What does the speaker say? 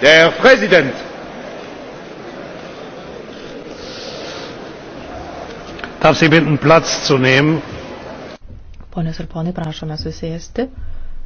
Der Präsident. Darf Sie bitten, Platz zu nehmen? Ponios ir ponai, prašome susėsti.